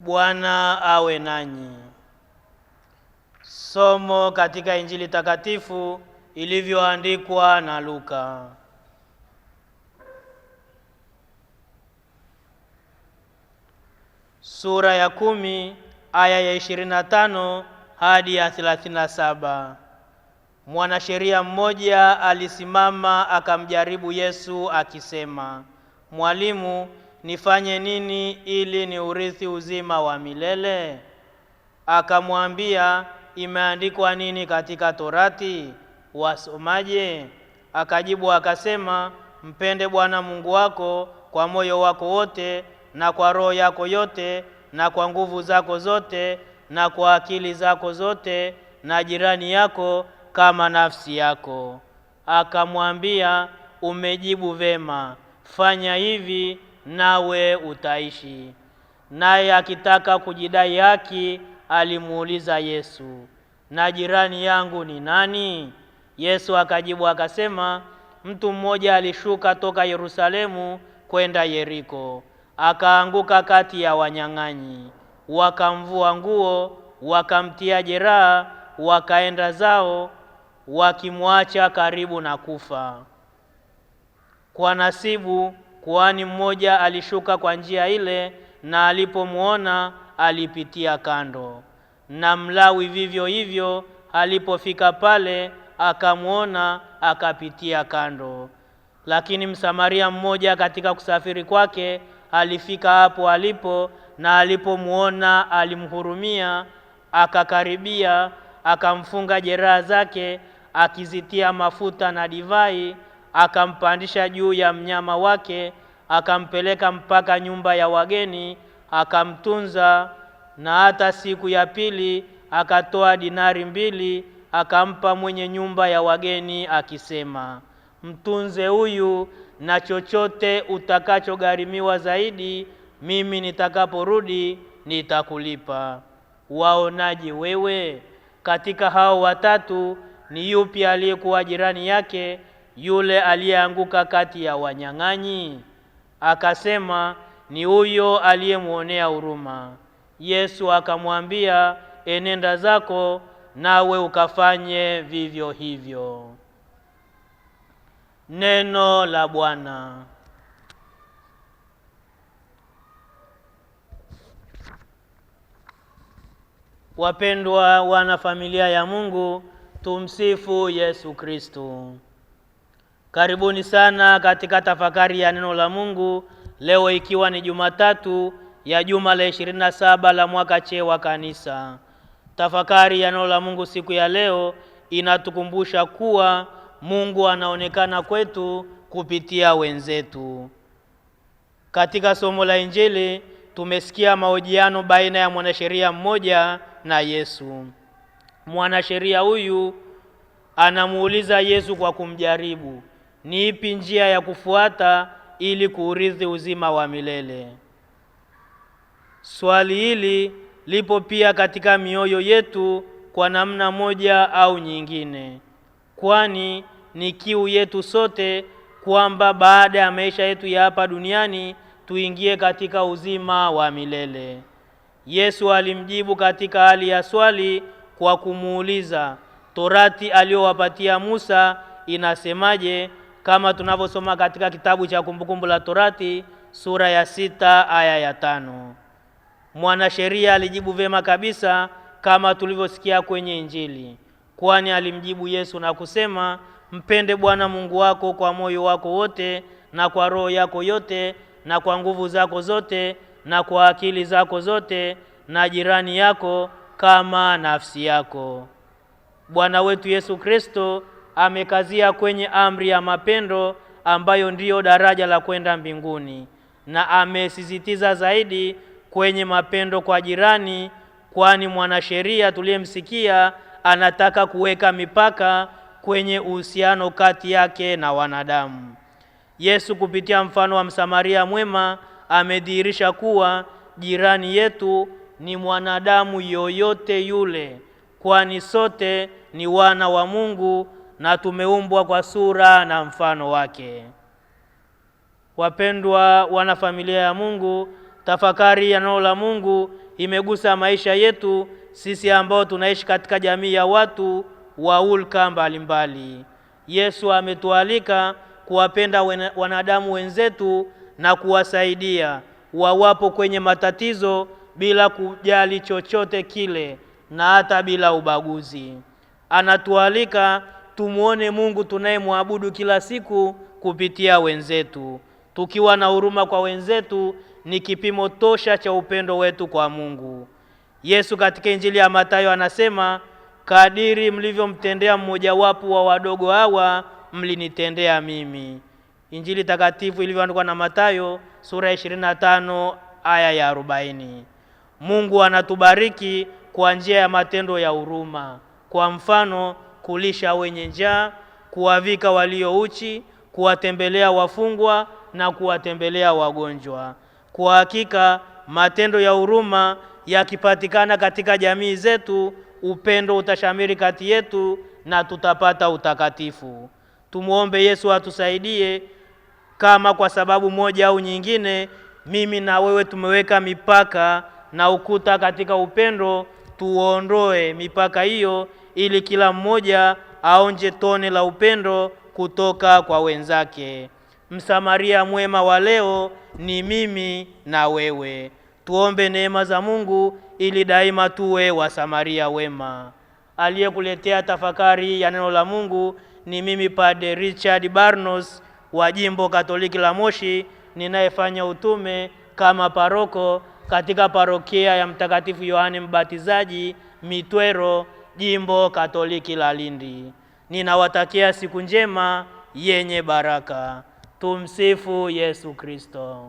Bwana awe nanyi. Somo katika Injili takatifu ilivyoandikwa na Luka. Sura ya kumi aya ya 25 hadi ya 37. Mwanasheria mmoja alisimama akamjaribu Yesu akisema, Mwalimu nifanye nini ili ni urithi uzima wa milele? Akamwambia, imeandikwa nini katika Torati? Wasomaje? Akajibu akasema, mpende Bwana Mungu wako kwa moyo wako wote na kwa roho yako yote na kwa nguvu zako zote na kwa akili zako zote, na jirani yako kama nafsi yako. Akamwambia, umejibu vema, fanya hivi nawe utaishi. Naye akitaka kujidai haki alimuuliza Yesu, na jirani yangu ni nani? Yesu akajibu akasema, mtu mmoja alishuka toka Yerusalemu kwenda Yeriko, akaanguka kati ya wanyang'anyi, wakamvua nguo, wakamtia jeraha, wakaenda zao wakimwacha karibu na kufa. Kwa nasibu kuhani mmoja alishuka kwa njia ile, na alipomwona alipitia kando, na mlawi vivyo hivyo alipofika pale akamwona akapitia kando. Lakini msamaria mmoja katika kusafiri kwake alifika hapo alipo, na alipomwona alimhurumia, akakaribia, akamfunga jeraha zake, akizitia mafuta na divai akampandisha juu ya mnyama wake, akampeleka mpaka nyumba ya wageni, akamtunza. Na hata siku ya pili akatoa dinari mbili, akampa mwenye nyumba ya wageni akisema, mtunze huyu, na chochote utakachogharimiwa zaidi, mimi nitakaporudi nitakulipa. Waonaje wewe? Katika hao watatu ni yupi aliyekuwa jirani yake yule aliyeanguka kati ya wanyang'anyi? Akasema, ni huyo aliyemwonea huruma. Yesu akamwambia, enenda zako nawe ukafanye vivyo hivyo. Neno la Bwana. Wapendwa wana familia ya Mungu, tumsifu Yesu Kristo. Karibuni sana katika tafakari ya neno la Mungu leo, ikiwa ni Jumatatu ya juma la ishirini na saba la mwaka C wa Kanisa. Tafakari ya neno la Mungu siku ya leo inatukumbusha kuwa Mungu anaonekana kwetu kupitia wenzetu. Katika somo la Injili tumesikia mahojiano baina ya mwanasheria mmoja na Yesu. Mwanasheria huyu anamuuliza Yesu kwa kumjaribu ni ipi njia ya kufuata ili kuurithi uzima wa milele? Swali hili lipo pia katika mioyo yetu kwa namna moja au nyingine, kwani ni kiu yetu sote kwamba baada ya maisha yetu ya hapa duniani tuingie katika uzima wa milele. Yesu alimjibu katika hali ya swali kwa kumuuliza, Torati aliyowapatia Musa inasemaje? kama tunavyosoma katika kitabu cha Kumbukumbu la Torati sura ya sita aya ya tano. Mwanasheria alijibu vyema kabisa kama tulivyosikia kwenye Injili, kwani alimjibu Yesu na kusema, mpende Bwana Mungu wako kwa moyo wako wote na kwa roho yako yote na kwa nguvu zako zote na kwa akili zako zote na jirani yako kama nafsi yako. Bwana wetu Yesu Kristo amekazia kwenye amri ya mapendo ambayo ndiyo daraja la kwenda mbinguni, na amesisitiza zaidi kwenye mapendo kwa jirani, kwani mwanasheria tuliyemsikia anataka kuweka mipaka kwenye uhusiano kati yake na wanadamu. Yesu kupitia mfano wa Msamaria mwema amedhihirisha kuwa jirani yetu ni mwanadamu yoyote yule, kwani sote ni wana wa Mungu na tumeumbwa kwa sura na mfano wake. Wapendwa wanafamilia ya Mungu, tafakari ya neno la Mungu imegusa maisha yetu sisi ambao tunaishi katika jamii ya watu wa ulka mbalimbali. Yesu ametualika kuwapenda wanadamu wenzetu na kuwasaidia wawapo kwenye matatizo bila kujali chochote kile na hata bila ubaguzi. Anatualika tumwone Mungu tunayemwabudu kila siku kupitia wenzetu. Tukiwa na huruma kwa wenzetu ni kipimo tosha cha upendo wetu kwa Mungu. Yesu katika Injili ya Mathayo anasema, kadiri mlivyomtendea mmojawapo wa wadogo hawa mlinitendea mimi. Injili takatifu ilivyoandikwa na Mathayo sura ya 25 aya ya 40. Mungu anatubariki kwa njia ya matendo ya huruma. Kwa mfano kulisha wenye njaa, kuwavika walio uchi, kuwatembelea wafungwa na kuwatembelea wagonjwa. Kwa hakika matendo ya huruma yakipatikana katika jamii zetu, upendo utashamiri kati yetu na tutapata utakatifu. Tumwombe Yesu atusaidie, kama kwa sababu moja au nyingine, mimi na wewe tumeweka mipaka na ukuta katika upendo tuondoe mipaka hiyo, ili kila mmoja aonje tone la upendo kutoka kwa wenzake. Msamaria mwema wa leo ni mimi na wewe. Tuombe neema za Mungu ili daima tuwe wasamaria wema. Aliyekuletea tafakari ya neno la Mungu ni mimi Padre Richard Barnos wa Jimbo Katoliki la Moshi ninayefanya utume kama paroko katika parokia ya Mtakatifu Yohane Mbatizaji, Mitwero, Jimbo Katoliki la Lindi. Ninawatakia siku njema yenye baraka. Tumsifu Yesu Kristo.